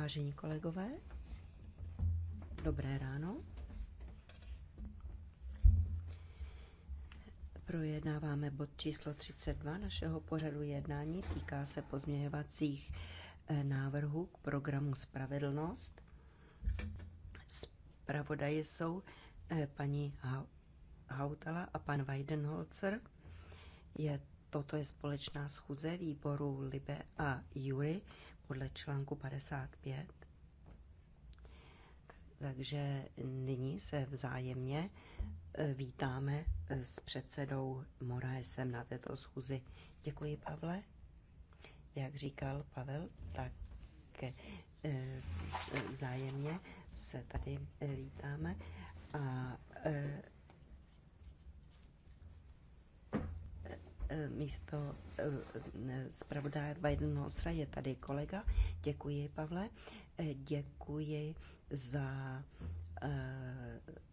Vážení kolegové, dobré ráno. Projednáváme bod číslo 32 našeho pořadu jednání. Týká se pozměňovacích eh, návrhů k programu Spravedlnost. Spravodaje jsou eh, paní Hautala a pan Weidenholzer. Je, toto je společná schůze výboru Libe a Jury podle článku 55. Takže nyní se vzájemně e, vítáme e, s předsedou Moraesem na této schůzi. Děkuji, Pavle. Jak říkal Pavel, tak e, vzájemně se tady vítáme a Eh, místo eh, eh, zpravodaje Weidenholzera je tady kolega. Děkuji, Pavle. Děkuji za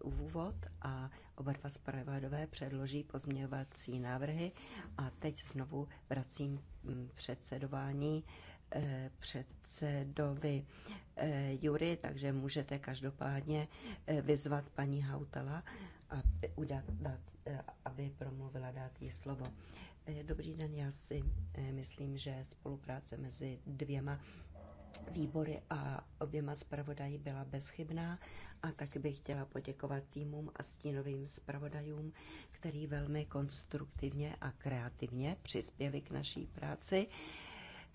úvod a oba dva zpravodové předloží pozměňovací návrhy. A teď znovu vracím mm, předsedování Eh, předsedovi eh, Jury, takže můžete každopádně eh, vyzvat paní Hautala, aby, udat, dát, aby promluvila, dát jí slovo. Dobrý den, já si myslím, že spolupráce mezi dvěma výbory a oběma zpravodají byla bezchybná a tak bych chtěla poděkovat týmům a stínovým zpravodajům, který velmi konstruktivně a kreativně přispěli k naší práci.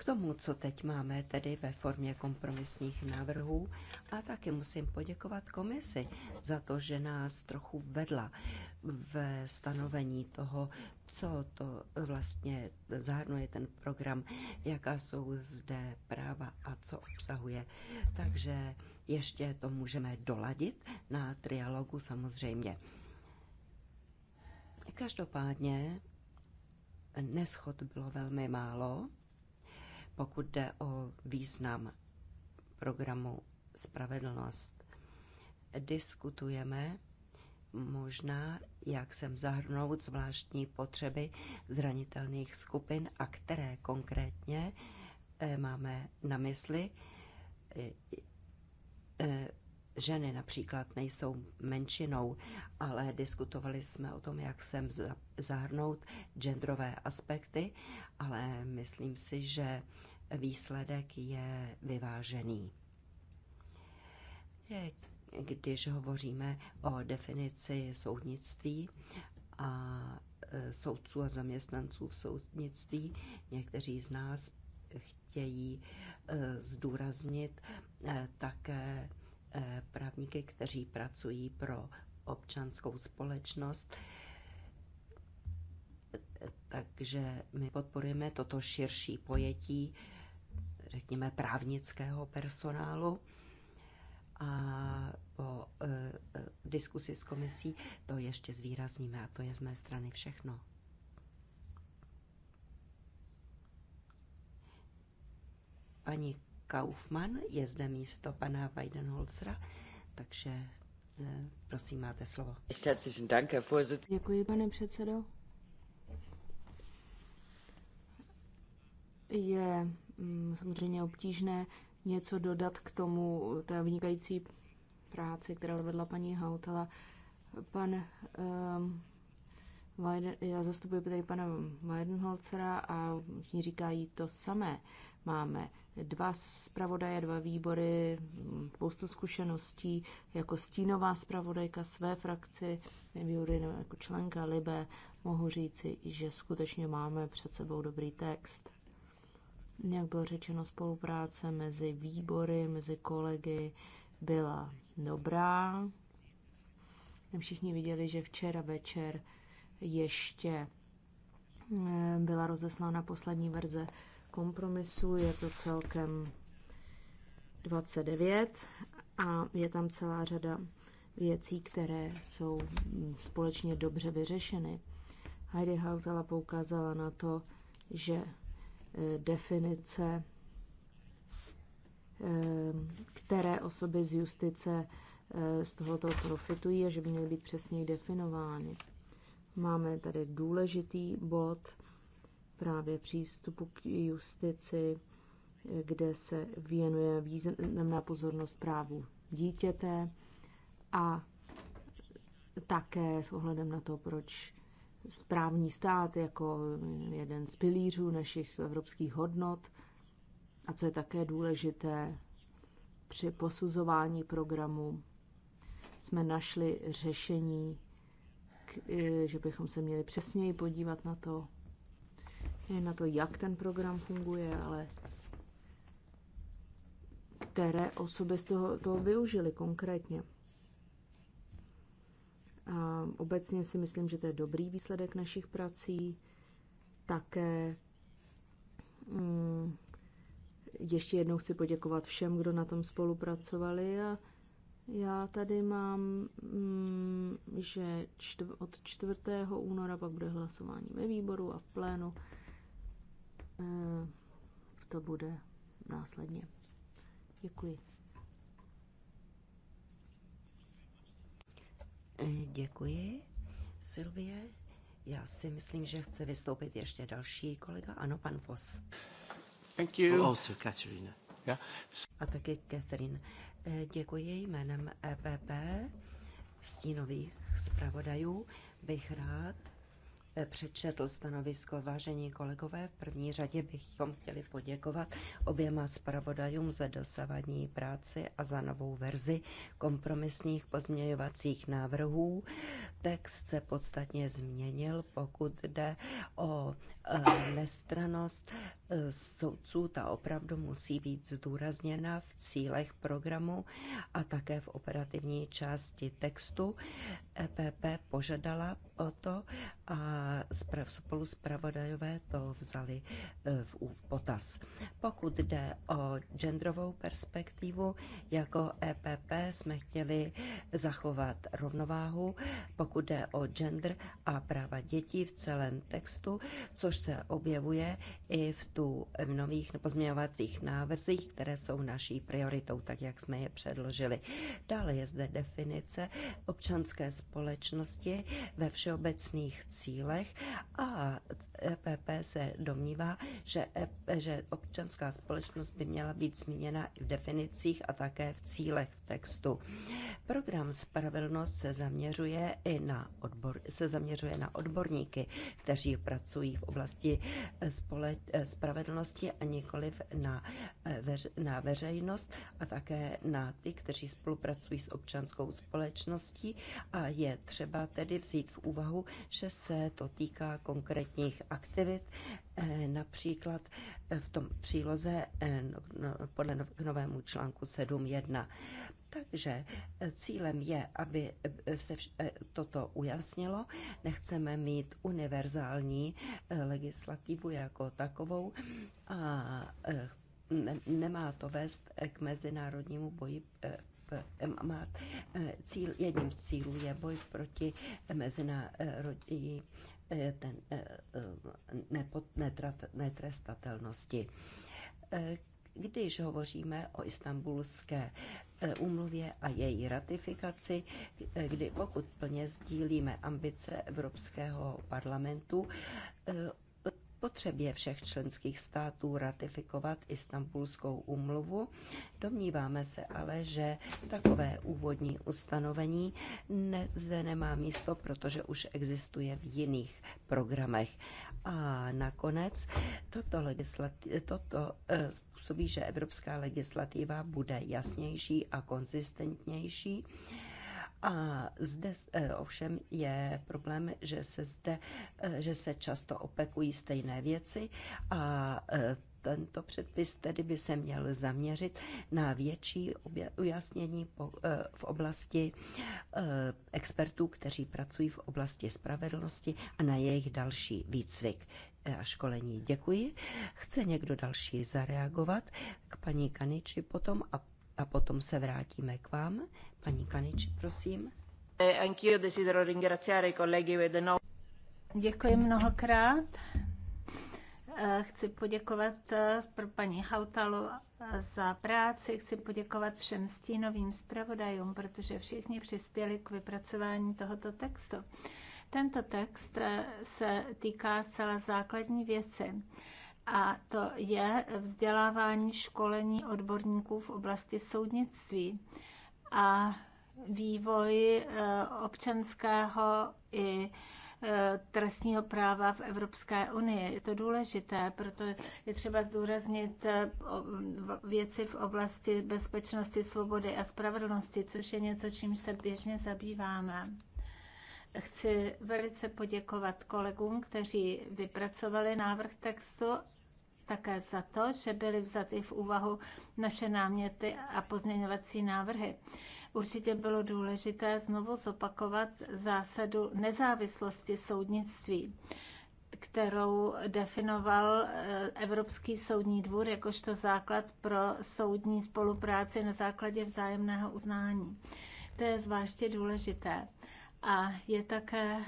K tomu, co teď máme tedy ve formě kompromisních návrhů a taky musím poděkovat komisi za to, že nás trochu vedla ve stanovení toho, co to vlastně zahrnuje ten program, jaká jsou zde práva a co obsahuje. Takže ještě to můžeme doladit na trialogu samozřejmě. Každopádně neschod bylo velmi málo pokud jde o význam programu Spravedlnost. Diskutujeme možná, jak sem zahrnout zvláštní potřeby zranitelných skupin a které konkrétně eh, máme na mysli eh, eh, Ženy například nejsou menšinou, ale diskutovali jsme o tom, jak sem zahrnout genderové aspekty, ale myslím si, že výsledek je vyvážený. Když hovoříme o definici soudnictví a e, soudců a zaměstnanců v soudnictví, někteří z nás chtějí e, zdůraznit e, také právníky, kteří pracují pro občanskou společnost. Takže my podporujeme toto širší pojetí, řekněme, právnického personálu. A po e, e, diskusi s komisí to ještě zvýrazníme a to je z mé strany všechno. Paní Kaufmann, je zde místo pana Weidenholzera, takže eh, prosím, máte slovo. Děkuji, pane předsedo. Je mm, samozřejmě obtížné něco dodat k tomu té vynikající práci, kterou vedla paní Hautala. Pan um, já zastupuji tady pana Weidenholzera a všichni říkají to samé. Máme dva zpravodaje, dva výbory, spoustu zkušeností jako stínová zpravodajka své frakci, výbory nebo jako členka Libe, mohu říci, že skutečně máme před sebou dobrý text. Jak bylo řečeno, spolupráce mezi výbory, mezi kolegy byla dobrá. Všichni viděli, že včera večer ještě eh, byla rozeslána poslední verze kompromisu, je to celkem 29 a je tam celá řada věcí, které jsou společně dobře vyřešeny. Heidi Hautala poukázala na to, že eh, definice, eh, které osoby z justice z tohoto profitují a že by měly být přesněji definovány. Máme tady důležitý bod právě přístupu k justici, kde se věnuje významná pozornost právu dítěte a také s ohledem na to, proč správní stát jako jeden z pilířů našich evropských hodnot a co je také důležité při posuzování programu, jsme našli řešení že bychom se měli přesněji podívat na to, na to, jak ten program funguje, ale které osoby z toho, toho využili konkrétně. A obecně si myslím, že to je dobrý výsledek našich prací. Také mm, ještě jednou chci poděkovat všem, kdo na tom spolupracovali a já tady mám, mm, že čtv- od 4. února pak bude hlasování ve výboru a v plénu eh, to bude následně. Děkuji. Eh, děkuji, Silvie. Já si myslím, že chce vystoupit ještě další kolega. Ano, pan Vos. Thank you. also oh, oh, Katerina. Yeah. A taky Catherine. Eh, děkuji jménem EPP stínových zpravodajů. Bych rád Eh, přečetl stanovisko. Vážení kolegové, v první řadě bychom chtěli poděkovat oběma zpravodajům za dosavadní práci a za novou verzi kompromisních pozměňovacích návrhů. Text se podstatně změnil, pokud jde o eh, nestranost eh, soudců. Ta opravdu musí být zdůrazněna v cílech programu a také v operativní části textu. EPP požadala o to a spolu zpravodajové to vzali e, v potaz. Pokud jde o genderovou perspektivu, jako EPP jsme chtěli zachovat rovnováhu, pokud jde o gender a práva dětí v celém textu, což se objevuje i v tu e, nových pozměňovacích návrzích, které jsou naší prioritou, tak jak jsme je předložili. Dále je zde definice občanské společnosti ve všeobecnosti všeobecných cílech a EPP se domnívá, že, e že občanská společnost by měla být zmíněna i v definicích a také v cílech v textu. Program Spravedlnost se zaměřuje i na odbor, se zaměřuje na odborníky, kteří pracují v oblasti eh, spole, eh, spravedlnosti a nikoliv na, eh, veř, na veřejnost a také na ty, kteří spolupracují s občanskou společností a je třeba tedy vzít v úvahu úvahu, že se to týká konkrétních aktivit, eh, například eh, v tom příloze eh, no, no, podle no, novému článku 7.1. Takže cílem je, aby se toto ujasnilo. Nechceme mít univerzální legislativu jako takovou a nemá to vést k mezinárodnímu boji Eh, má eh, cíl, jedním z cílů je boj proti mezinárodní eh, ten, nepot, netrat, netrestatelnosti. Když hovoříme o istambulské úmluvě a její ratifikaci, kdy pokud plně sdílíme ambice Evropského parlamentu potřebě všech členských států ratifikovat Istanbulskou úmluvu. Domníváme se ale, že takové úvodní ustanovení ne, zde nemá místo, protože už existuje v jiných programech. A nakonec toto, legislati- toto eh, způsobí, že evropská legislativa bude jasnější a konzistentnější. A zde eh, ovšem je problém, že se zde, eh, že se často opekují stejné věci a eh, tento předpis tedy by se měl zaměřit na větší ujasnění v oblasti expertů, kteří pracují v oblasti spravedlnosti a na jejich další výcvik a školení. Děkuji. Chce někdo další zareagovat k paní Kaniči potom a a potom se vrátíme k vám. Paní Kanič, prosím. E, Děkuji mnohokrát. E, chci poděkovat e, pro paní Hautalu za práci, chci poděkovat všem stínovým zpravodajům, protože všichni přispěli k vypracování tohoto textu. Tento text se týká zcela základní věci a to je vzdělávání školení odborníků v oblasti soudnictví a vývoj e, občanského i e, trestního práva v Evropské unii. Je to důležité, proto je třeba zdůraznit e, věci v oblasti bezpečnosti, svobody a spravedlnosti, což je něco, čím se běžně zabýváme chci velice poděkovat kolegům, kteří vypracovali návrh textu, také za to, že byly vzaty v úvahu naše náměty a pozměňovací návrhy. Určitě bylo důležité znovu zopakovat zásadu nezávislosti soudnictví kterou definoval eh, Evropský soudní dvůr jakožto základ pro soudní spolupráci na základě vzájemného uznání. To je zvláště důležité. A je také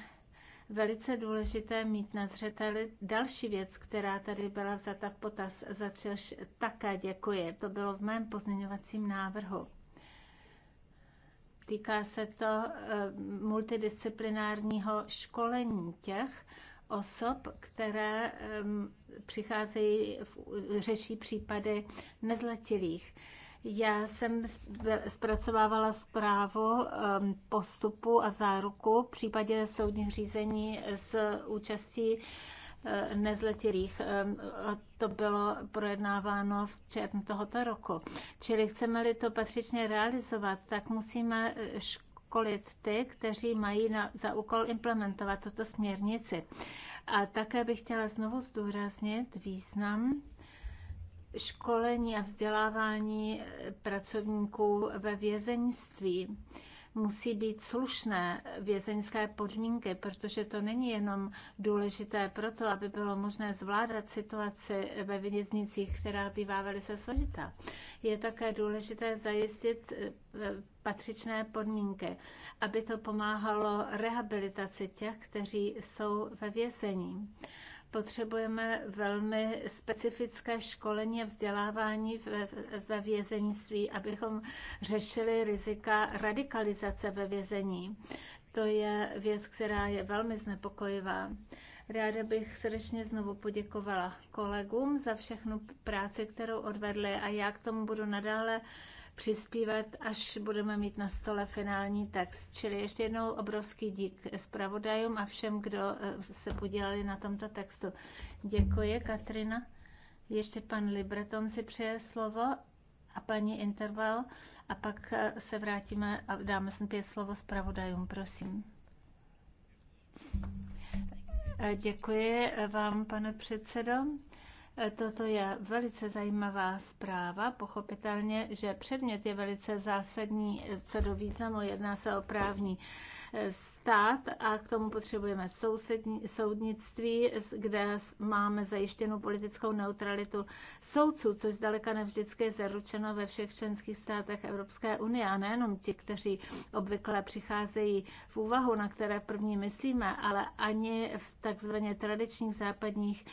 velice důležité mít na zřeteli další věc, která tady byla vzata v potaz, za což také děkuji. To bylo v mém pozměňovacím návrhu. Týká se to eh, multidisciplinárního školení těch osob, které eh, přicházejí, řeší případy nezletilých. Já jsem zpracovávala zprávu um, postupu a záruku v případě soudních řízení s účastí uh, nezletilých. Um, to bylo projednáváno v červnu tohoto roku. Čili chceme-li to patřičně realizovat, tak musíme uh, školit ty, kteří mají na, za úkol implementovat tuto směrnici. A také bych chtěla znovu zdůraznit význam školení a vzdělávání eh, pracovníků ve vězeňství musí být slušné vězeňské podmínky, protože to není jenom důležité pro to, aby bylo možné zvládat situaci ve věznicích, která bývá velice složitá. Je také důležité zajistit eh, patřičné podmínky, aby to pomáhalo rehabilitaci těch, kteří jsou ve vězení potřebujeme velmi specifické školení a vzdělávání ve, ve vězeňství, abychom řešili rizika radikalizace ve vězení. To je věc, která je velmi znepokojivá. Ráda bych srdečně znovu poděkovala kolegům za všechnu práci, kterou odvedli a já k tomu budu nadále přispívat, až budeme mít na stole finální text. Čili ještě jednou obrovský dík zpravodajům a všem, kdo eh, se podíleli na tomto textu. Děkuji, Katrina. Ještě pan Libreton si přeje slovo a paní Interval a pak eh, se vrátíme a dáme pět slovo zpravodajům, prosím. Eh, děkuji vám, pane předsedo. Eh, toto je velice zajímavá zpráva. Pochopitelně, že předmět je velice zásadní eh, co do významu. Jedná se o právní stát a k tomu potřebujeme sousední, soudnictví, kde máme zajištěnou politickou neutralitu soudců, což zdaleka nevždycky je zaručeno ve všech členských státech Evropské unie a nejenom ti, kteří obvykle přicházejí v úvahu, na které první myslíme, ale ani v takzvaně tradičních západních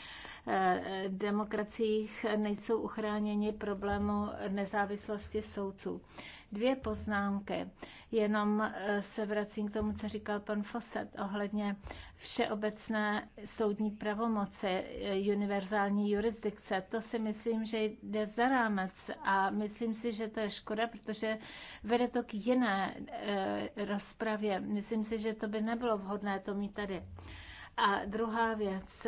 eh, demokraciích nejsou uchráněni problému nezávislosti soudců. Dvě poznámky. Jenom eh, se vracím k tomu, co říkal pan Fosset ohledně všeobecné soudní pravomoci, eh, univerzální jurisdikce. To si myslím, že jde za rámec a myslím si, že to je škoda, protože vede to k jiné eh, rozpravě. Myslím si, že to by nebylo vhodné to mít tady. A druhá věc,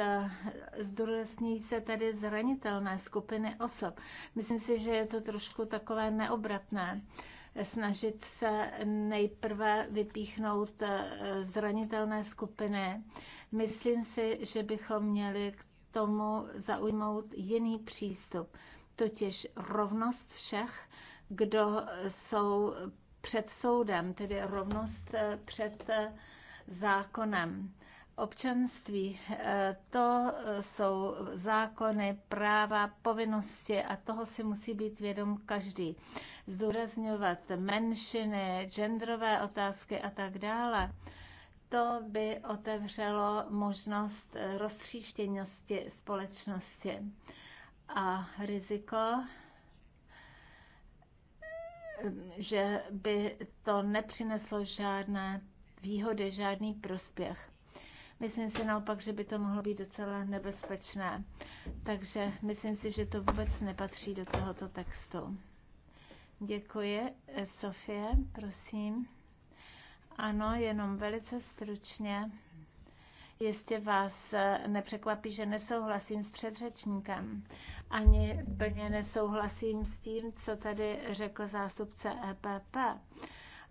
zdůrazní se tady zranitelné skupiny osob. Myslím si, že je to trošku takové neobratné snažit se nejprve vypíchnout eh, zranitelné skupiny. Myslím si, že bychom měli k tomu zaujmout jiný přístup, totiž rovnost všech, kdo jsou před soudem, tedy rovnost eh, před eh, zákonem občanství. Eh, to jsou zákony, práva, povinnosti a toho si musí být vědom každý. Zdůrazňovat menšiny, genderové otázky a tak dále. To by otevřelo možnost roztříštěnosti společnosti a riziko, že by to nepřineslo žádné výhody, žádný prospěch. Myslím si naopak, že by to mohlo být docela nebezpečné. Takže myslím si, že to vůbec nepatří do tohoto textu. Děkuji. Sofie, prosím. Ano, jenom velice stručně. Jistě vás nepřekvapí, že nesouhlasím s předřečníkem. Ani plně nesouhlasím s tím, co tady řekl zástupce EPP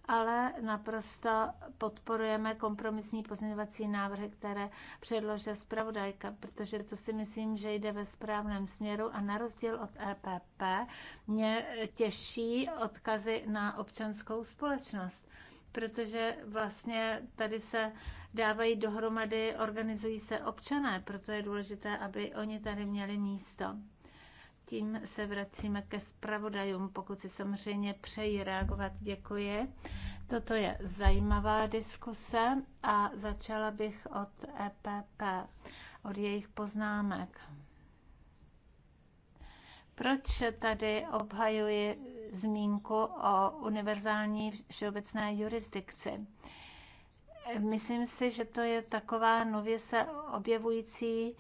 ale naprosto podporujeme kompromisní pozměňovací návrhy, které předložila zpravodajka, protože to si myslím, že jde ve správném směru a na rozdíl od EPP mě těší odkazy na občanskou společnost protože vlastně tady se dávají dohromady, organizují se občané, proto je důležité, aby oni tady měli místo tím se vracíme ke zpravodajům, pokud si samozřejmě přeji reagovat. Děkuji. Toto je zajímavá diskuse a začala bych od EPP, od jejich poznámek. Proč tady obhajuji zmínku o univerzální všeobecné jurisdikci? Myslím si, že to je taková nově se objevující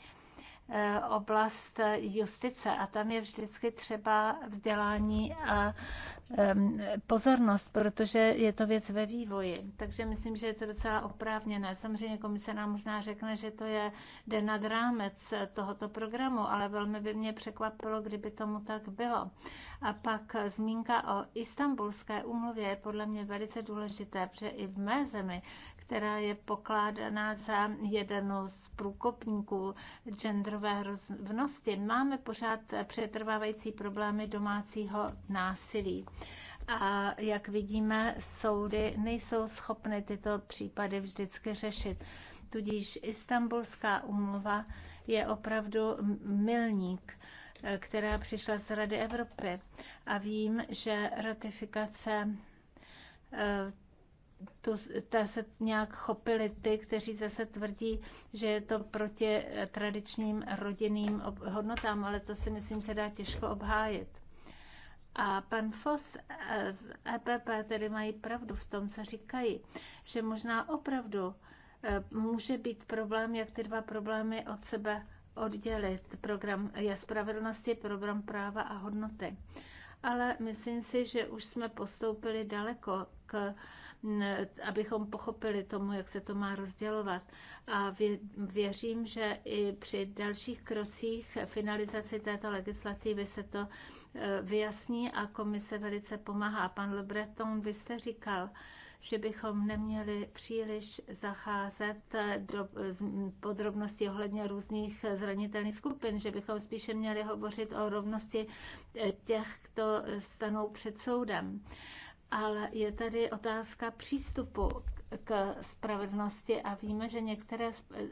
oblast justice a tam je vždycky třeba vzdělání a eh, pozornost, protože je to věc ve vývoji. Takže myslím, že je to docela oprávněné. Samozřejmě komise nám možná řekne, že to je den nad rámec tohoto programu, ale velmi by mě překvapilo, kdyby tomu tak bylo. A pak zmínka o istambulské úmluvě je podle mě velice důležité, protože i v mé zemi která je pokládaná za jednu z průkopníků genderové rovnosti. Máme pořád přetrvávající problémy domácího násilí. A jak vidíme, soudy nejsou schopny tyto případy vždycky řešit. Tudíž Istanbulská umluva je opravdu milník, eh, která přišla z Rady Evropy. A vím, že ratifikace eh, tu, ta se nějak chopili ty, kteří zase tvrdí, že je to proti tradičním rodinným hodnotám, ale to si myslím se dá těžko obhájit. A pan Foss eh, z EPP tedy mají pravdu v tom, co říkají, že možná opravdu eh, může být problém, jak ty dva problémy od sebe oddělit. Program je spravedlnosti, program práva a hodnoty. Ale myslím si, že už jsme postoupili daleko k abychom pochopili tomu, jak se to má rozdělovat. A věřím, že i při dalších krocích finalizaci této legislativy se to e, vyjasní a komise velice pomáhá. Pan Le Breton, vy jste říkal, že bychom neměli příliš zacházet e, do e, podrobností ohledně různých zranitelných skupin, že bychom spíše měli hovořit o rovnosti těch, kdo stanou před soudem ale je tady otázka přístupu k spravedlnosti a víme, že některé eh,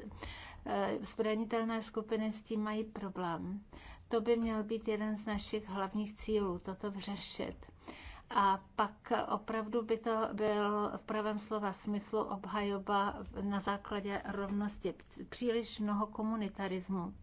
eh, zranitelné skupiny s tím mají problém. To by měl být jeden z našich hlavních cílů, toto vřešit. A pak opravdu by to byl v pravém slova smyslu obhajoba na základě rovnosti. Příliš mnoho komunitarismu.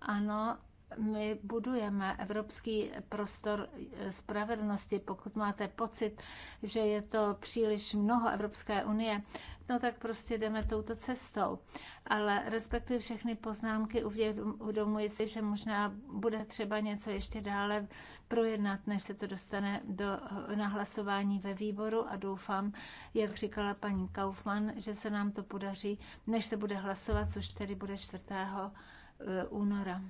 Ano, my budujeme evropský prostor spravedlnosti. Pokud máte pocit, že je to příliš mnoho Evropské unie, no tak prostě jdeme touto cestou. Ale respektuji všechny poznámky, uvědomuji si, že možná bude třeba něco ještě dále projednat, než se to dostane do nahlasování ve výboru a doufám, jak říkala paní Kaufmann, že se nám to podaří, než se bude hlasovat, což tedy bude 4. Eh, února.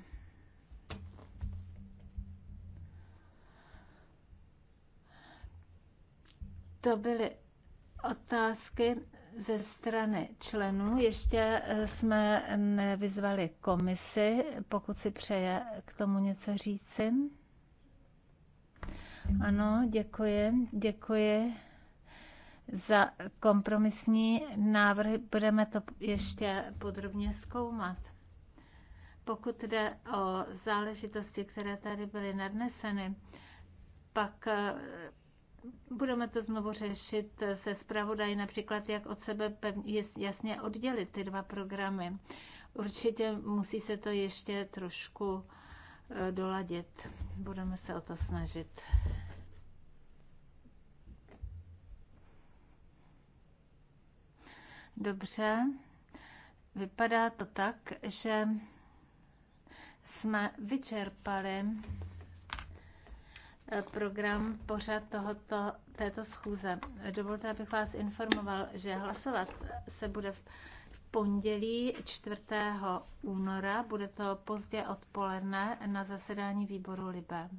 To byly otázky ze strany členů. Ještě eh, jsme nevyzvali komisi, pokud si přeje k tomu něco říci. Ano, děkuji, děkuji za kompromisní návrhy. Budeme to ještě podrobně zkoumat. Pokud jde o záležitosti, které tady byly nadneseny, pak eh, budeme to znovu řešit se zpravodají, například jak od sebe jasně oddělit ty dva programy. Určitě musí se to ještě trošku eh, doladit. Budeme se o to snažit. Dobře. Vypadá to tak, že jsme vyčerpali Eh, program pořad tohoto, této schůze. Dovolte, abych vás informoval, že hlasovat se bude v pondělí 4. února, bude to pozdě odpoledne na zasedání výboru Libe.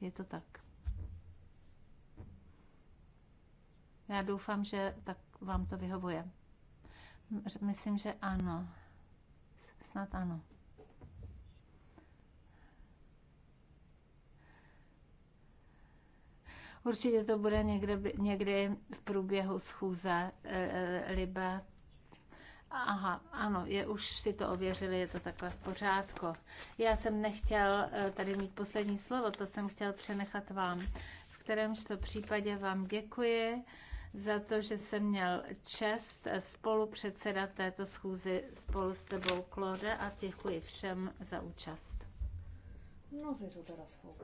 Je to tak. Já doufám, že tak vám to vyhovuje. Myslím, že ano. Snad ano. Určitě to bude někde, někdy v průběhu schůze e, Libe. Aha, ano, je, už si to ověřili, je to takhle v pořádku. Já jsem nechtěl eh, tady mít poslední slovo, to jsem chtěl přenechat vám. V kterémž to případě vám děkuji za to, že jsem měl čest spolu předsedat této schůzi spolu s tebou, Klode, a děkuji všem za účast. No, to teda svou.